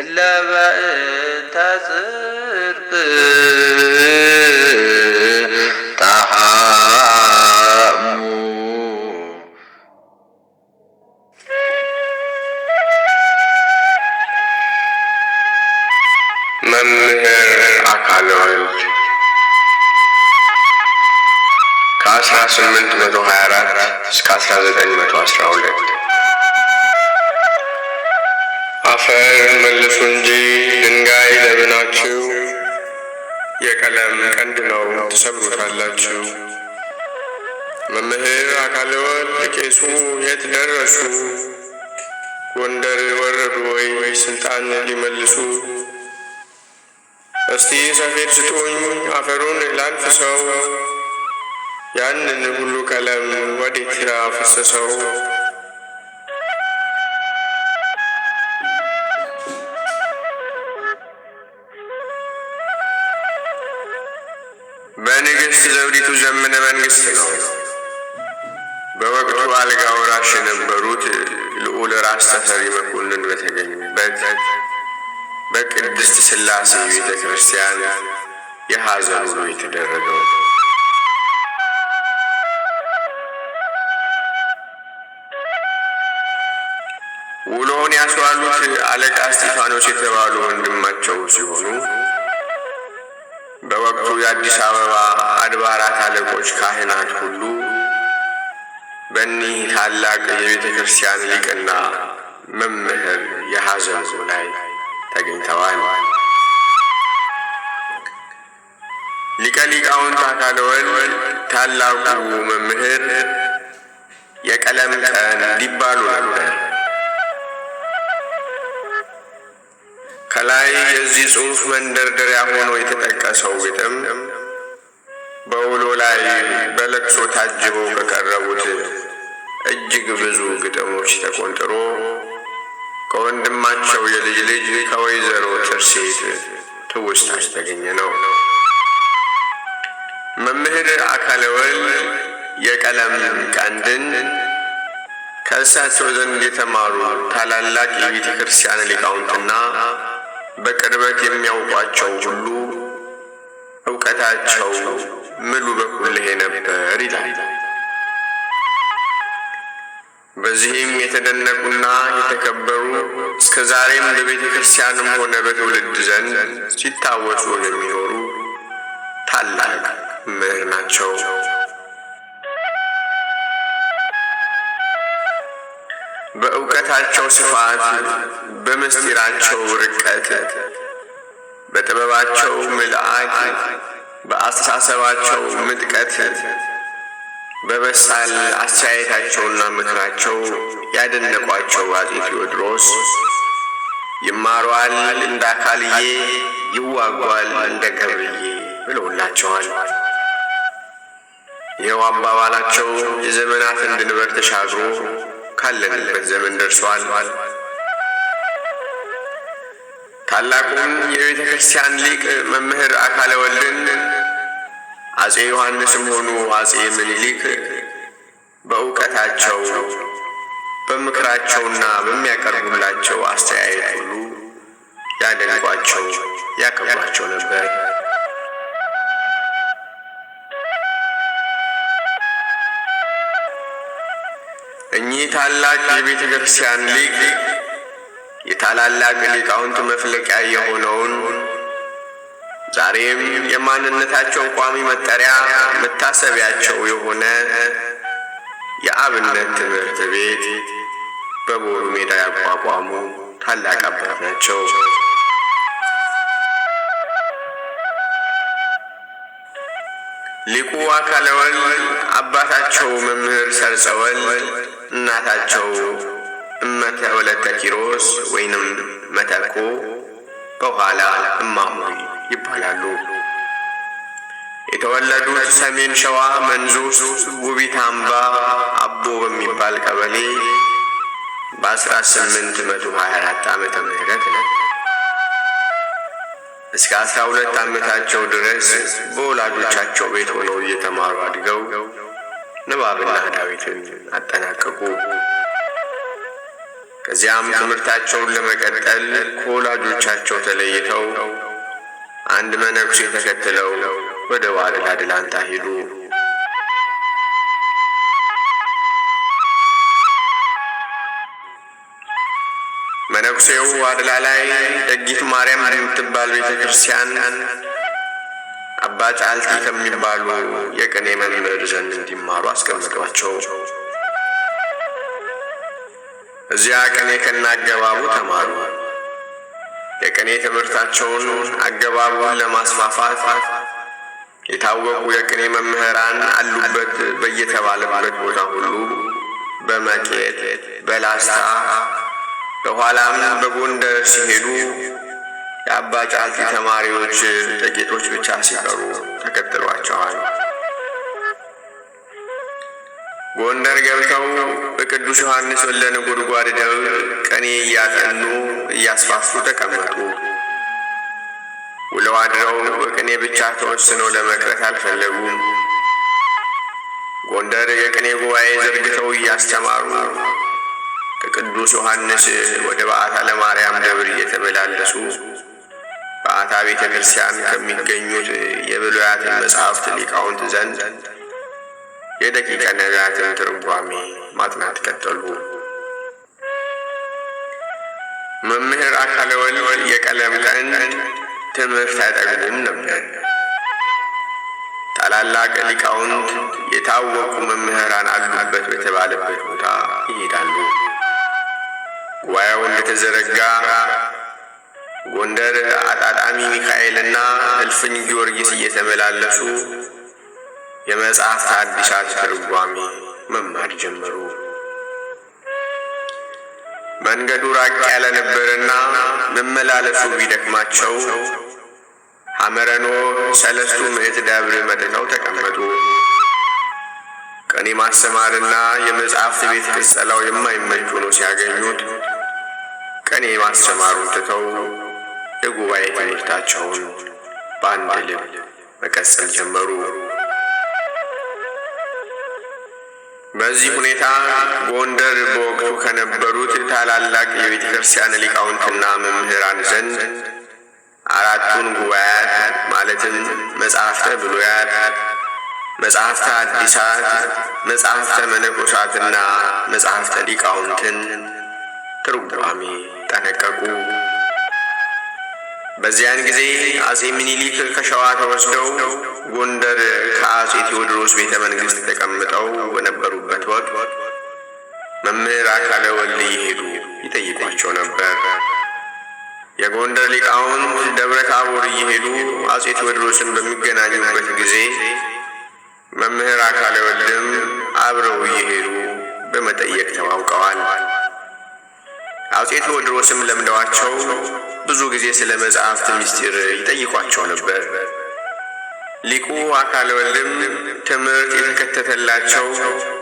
እለ በእንተ ጽድቅ ከ መምህር ስምንት መቶ ሀያ አራት እስከ አስራ ዘጠኝ መቶ አስራ ሁለት እንጂ ድንጋይ ለብናችሁ የቀለም ቀንድ ነው ትሰብሩታላችሁ። መምህር አካለ ወልድ ቄሱ የት ደረሱ? ጎንደር ወረዱ ወይ ስልጣን ሊመልሱ? እስቲ ሰፌድ ስጡኝ አፈሩን ላንፍሰው፣ ያንን ሁሉ ቀለም ወዴት አፈሰሰው? መንግሥት ዘውዲቱ ዘመነ መንግስት ነው። በወቅቱ አልጋ ወራሽ የነበሩት ልዑል ራስ ተፈሪ መኮንን በተገኙበት በቅድስት ስላሴ ቤተ ክርስቲያን የሐዘኑ ነው የተደረገው። ውሎውን ያስዋሉት አለቃ እስጢፋኖስ የተባሉ ወንድማቸው ሲሆኑ በወቅቱ የአዲስ አበባ አድባራት አለቆች ካህናት ሁሉ በእኒህ ታላቅ የቤተ ክርስቲያን ሊቅና መምህር የሐዘኑ ላይ ተገኝተዋል። ሊቀ ሊቃውንት አካለ ወልድ ታላቁ መምህር የቀለም ቀን ነበር። ከላይ የዚህ ጽሑፍ መንደርደሪያ ሆኖ የተጠቀሰው ግጥም በውሎ ላይ በለቅሶ ታጅበው ከቀረቡት እጅግ ብዙ ግጥሞች ተቆንጥሮ ከወንድማቸው የልጅ ልጅ ከወይዘሮ ትርሴት ትውስታ የተገኘ ነው። መምህር አካለ ወልድ የቀለም ቀንድን ከእሳቸው ዘንድ የተማሩ ታላላቅ የቤተ ክርስቲያን ሊቃውንትና በቅርበት የሚያውቋቸው ሁሉ እውቀታቸው ምሉ በኩልሄ ነበር ይላል። በዚህም የተደነቁና የተከበሩ እስከ ዛሬም በቤተ ክርስቲያንም ሆነ በትውልድ ዘንድ ሲታወሱ የሚኖሩ ታላቅ ምህር ናቸው። በእውቀታቸው ስፋት፣ በምስጢራቸው ርቀት፣ በጥበባቸው ምልአት፣ በአስተሳሰባቸው ምጥቀት፣ በበሳል አስተያየታቸውና ምክራቸው ያደነቋቸው አፄ ቴዎድሮስ ይማሯል እንደ አካልዬ፣ ይዋጓል እንደ ገብርዬ ብለውላቸዋል። ይኸው አባባላቸው የዘመናትን ድንበር ተሻግሮ ካለንበት ዘመን ደርሷል። ታላቁን የቤተ ክርስቲያን ሊቅ መምህር አካለ ወልድን አጼ ዮሐንስም ሆኑ አጼ ምኒሊክ በእውቀታቸው በምክራቸውና በሚያቀርቡላቸው አስተያየት ሁሉ ያደንቋቸው፣ ያከብሯቸው ነበር። የታላቅ የቤተ ክርስቲያን ሊቅ የታላላቅ ሊቃውንት መፍለቂያ የሆነውን ዛሬም የማንነታቸው ቋሚ መጠሪያ መታሰቢያቸው የሆነ የአብነት ትምህርት ቤት በቦሩ ሜዳ ያቋቋሙ ታላቅ አባት ናቸው። ሊቁ አካለወል አባታቸው መምህር ሰርጸወል። እናታቸው እመተ ወለተ ኪሮስ ወይንም መተኮ በኋላ እማሆይ ይባላሉ። የተወለዱት ሰሜን ሸዋ መንዙስ ጉቢት አምባ አቦ በሚባል ቀበሌ በ1824 ዓመተ ምህረት ነው። እስከ 12 ዓመታቸው ድረስ በወላጆቻቸው ቤት ሆነው እየተማሩ አድገው ንባብና ዳዊትን አጠናቀቁ። ከዚያም ትምህርታቸውን ለመቀጠል ከወላጆቻቸው ተለይተው አንድ መነኩሴ ተከትለው ወደ ዋልላ ድላንታ ሄዱ። መነኩሴው ዋድላ ላይ ደጊት ማርያም የምትባል ቤተ ክርስቲያን ባጫልቲ ከሚባሉ የቅኔ መምህር ዘንድ እንዲማሩ አስቀምጧቸው። እዚያ ቅኔ ከናገባቡ ተማሩ። የቅኔ ትምህርታቸውን አገባቡን ለማስፋፋት የታወቁ የቅኔ መምህራን አሉበት በየተባለበት ቦታ ሁሉ በመቄት በላስታ በኋላም በጎንደር ሲሄዱ የአባ ጫልቲ ተማሪዎች ጥቂቶች ብቻ ሲቀሩ ገብተው በቅዱስ ዮሐንስ ወለ ነጎድጓድ ደብር ቀኔ እያጠኑ እያስፋፉ ተቀመጡ። ውለው አድረው በቅኔ ብቻ ተወስነው ለመቅረት አልፈለጉም። ጎንደር የቅኔ ጉባኤ ዘርግተው እያስተማሩ ከቅዱስ ዮሐንስ ወደ በዓታ ለማርያም ደብር እየተመላለሱ በዓታ ቤተ ክርስቲያን ከሚገኙት የብሉያትን መጽሐፍት ሊቃውንት ዘንድ የደቂቀ ነቢያትን ትርጓሜ ማጥናት ቀጠሉ። መምህር አካለ ወልድ የቀለም ቀንድ ትምህርት አይጠግቡም ነበር። ታላላቅ ሊቃውንት የታወቁ መምህራን አሉበት በተባለበት ቦታ ይሄዳሉ። ጉባኤው እንደተዘረጋ ጎንደር አጣጣሚ ሚካኤልና እልፍኝ ጊዮርጊስ እየተመላለሱ የመጽሐፍ አዲሳት ትርጓሜ መማር ጀመሩ። መንገዱ ራቅ ያለ ነበርና መመላለሱ ቢደክማቸው ሐመረኖ ሰለስቱ ምዕት ደብር መጥተው ተቀመጡ። ቅኔ ማስተማርና የመጽሐፍት ቤት ቅጸላው የማይመች ሆኖ ሲያገኙት ቅኔ ማስተማሩን ትተው የጉባኤ ትምህርታቸውን በአንድ ልብ መቀጸል ጀመሩ። በዚህ ሁኔታ ጎንደር በወቅቱ ከነበሩት ታላላቅ የቤተ ክርስቲያን ሊቃውንትና መምህራን ዘንድ አራቱን ጉባኤያት ማለትም መጽሐፍተ ብሉያት፣ መጽሐፍተ አዲሳት፣ መጽሐፍተ መነኮሳትና መጽሐፍተ ሊቃውንትን ትርጓሜ በዚያን ጊዜ አጼ ሚኒሊክ ከሸዋ ተወስደው ጎንደር ከአጼ ቴዎድሮስ ቤተ መንግስት ተቀምጠው በነበሩበት ወቅት መምህር አካለ ወልድ እየሄዱ ይጠይቋቸው ነበር። የጎንደር ሊቃውንት ደብረ ታቦር እየሄዱ አጼ ቴዎድሮስን በሚገናኙበት ጊዜ መምህር አካለ ወልድም አብረው እየሄዱ በመጠየቅ ተዋውቀዋል። አጼ ቴዎድሮስም ለምደዋቸው ብዙ ጊዜ ስለ መጽሐፍት ምስጢር ይጠይቋቸው ነበር። ሊቁ አካለ ወልድም ትምህርት የተከተተላቸው